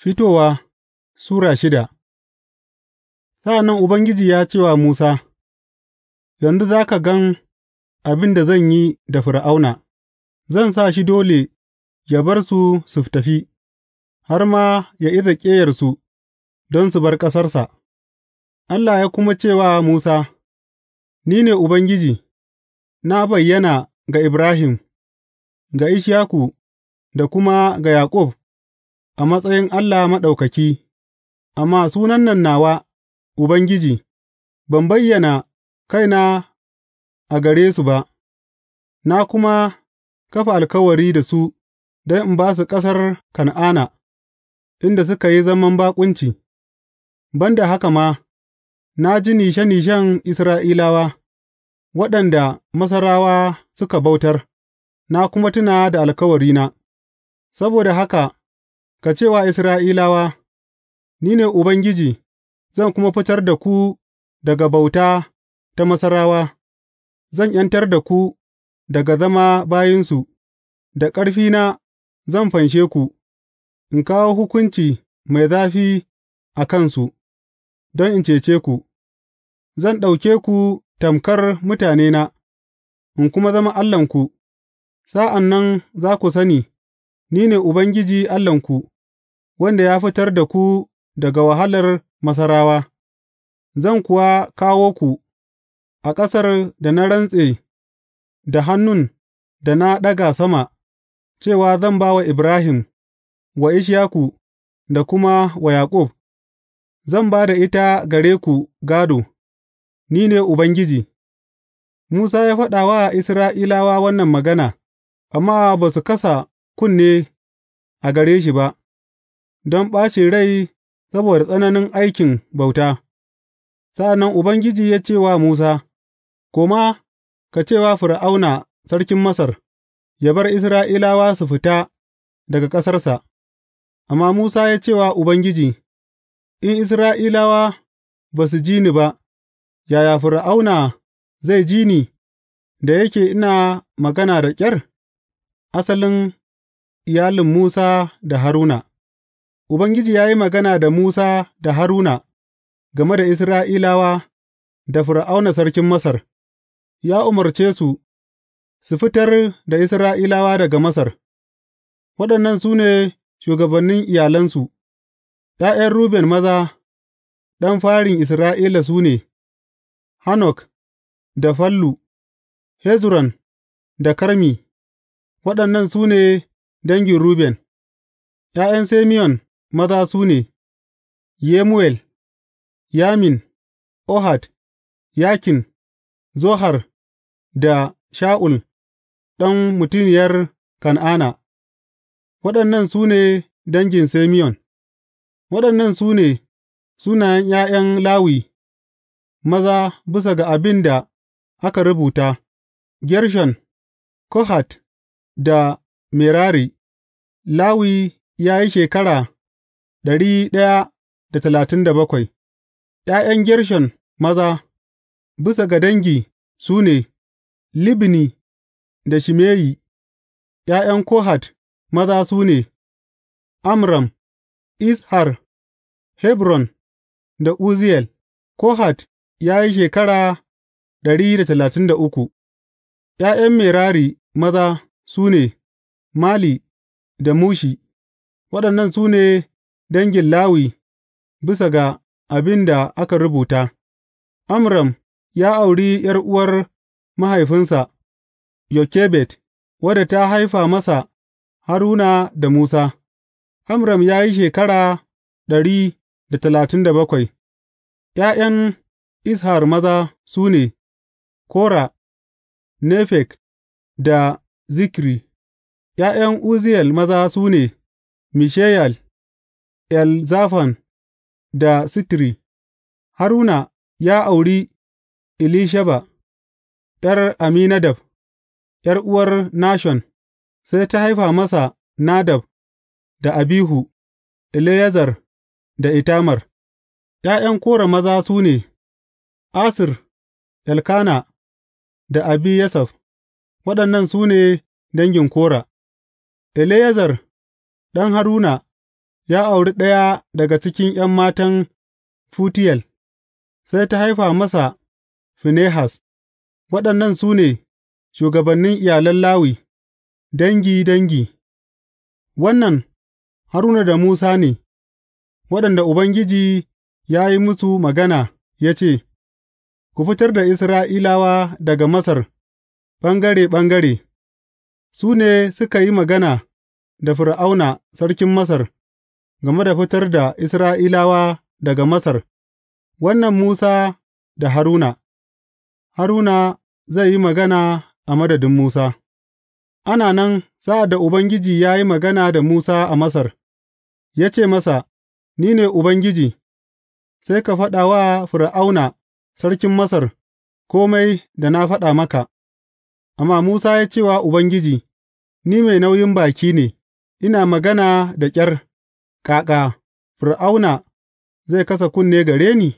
Fitowa Sura shida Sa'an nan Ubangiji ya ce wa Musa, Yanzu za ka gan abin da zan yi da Fir'auna, zan sa shi dole ya bar su su tafi, har ma ya iza ƙeyarsu don su bar ƙasarsa. Allah ya kuma ce wa Musa, Ni ne Ubangiji, na bayyana ga Ibrahim, ga Ishaku da kuma ga Yaƙub. a matsayin Allah Maɗaukaki, amma sunan nan nawa, Ubangiji, ban bayyana kaina a gare su ba, na kuma kafa alkawari da su don in ba su ƙasar Kan'ana, inda suka yi zaman baƙunci, ban da haka ma, na ji nishe nishen Isra'ilawa, waɗanda Masarawa suka bautar, na kuma tuna da alkawarina, saboda haka. Ka ce wa Isra'ilawa, Ni ne Ubangiji, zan kuma fitar da ku daga bauta ta Masarawa, zan ’yantar da ku daga zama bayinsu, da ƙarfina zan fanshe ku, in kawo hukunci mai zafi a kansu, don in cece ku, zan ɗauke ku tamƙar mutanena, in kuma zama Allahnku, sa'an nan za ku sani, Ni ne Ubangiji Allahnku. wanda ya fitar da ku daga wahalar Masarawa, zan kuwa kawo ku a ƙasar da na rantse da hannun da na ɗaga sama, cewa zan ba wa Ibrahim, wa Ishaku da kuma wa Yaƙub, zan ba da ita gare ku gado. ni ne Ubangiji. Musa ya faɗa wa Isra'ilawa wannan magana, amma ba su kasa kunne a gare shi ba. don ɓacin rai saboda tsananin aikin bauta, sa'an nan Ubangiji ya ce wa Musa, Koma, ka ce wa Fir'auna sarkin Masar, ya bar Isra'ilawa su fita daga ƙasarsa, amma Musa ya ce wa Ubangiji, In Isra'ilawa ba su ji ni ba, yaya Fir'auna zai ji ni da yake ina magana da ƙyar? Asalin iyalin Musa da Haruna. Ubangiji ya yi magana da Musa da Haruna game da Isra'ilawa da Fir'auna sarkin Masar, ya umarce su su fitar da Isra'ilawa daga Masar, waɗannan su ne shugabannin iyalansu, ’ya'yan Ruben maza, ɗan farin Isra'ila su ne, Hanok da Fallu, Hezron da Karmi, waɗannan su ne dangin Ruben, ’ya'yan Simeyon. maza su ne, Yemuwel, Yamin, Ohad, Yakin, Zohar da Sha'ul ɗan mutuniyar Kan'ana, waɗannan su ne dangin Simeyon, waɗannan su ne sunayen ’ya'yan Lawi maza bisa ga abin da aka rubuta, Gershon, Kohat da Merari, Lawi ya yi shekara ’Ya'yan Gershon maza, bisa ga dangi su ne, Libni da Shimeyi, ’ya'yan Kohat maza su ne, Amram, Izhar, Hebron da Uzziyel, Kohat ya yi shekara dari da talatin da uku, ’ya'yan Merari maza su ne, Mali da Mushi, waɗannan su ne. dangin Lawi bisa ga abin da aka rubuta, Amram ya auri ’yar'uwar mahaifinsa Yokebed, wadda ta haifa masa Haruna da Musa, Amram ya yi shekara ɗari da talatin da bakwai, ’ya'yan Ishar maza su ne, Kora, Nefek da Zikri, ’ya'yan Uzziyel maza su ne, Mishayel. Elzafan da Sitri Haruna ya auri Elisheba, ’yar Amminadab, ’yar'uwar Nashon, sai ta haifa masa Nadab da Abihu, Eleyazar da Itamar ’Ya'yan Kora maza su ne, Asir, Elkana da abi yasaf waɗannan su ne dangin Kora Eleyazar ɗan Haruna. ya auri ɗaya daga cikin ’yan matan Futiyel, sai ta haifa masa Finehas, waɗannan su ne shugabannin iyalan Lawi, dangi dangi, wannan Haruna da Musa ne, waɗanda Ubangiji ya yi musu magana ya ce, Ku fitar da Isra'ilawa daga Masar ɓangare ɓangare, su ne suka yi magana da Fir'auna sarkin Masar. game da fitar da Isra'ilawa daga Masar, wannan Musa da Haruna, Haruna zai yi magana a madadin Musa. Ana nan sa'ad da Ubangiji ya yi magana da Musa a Masar, ya ce masa, Ni ne Ubangiji, sai ka faɗa wa Fir'auna sarkin Masar kome da na faɗa maka. Amma Musa ya ce wa Ubangiji, Ni mai nauyin baki ne, ina magana da ƙyar. Kaka Fir'auna zai kasa kunne gare ni?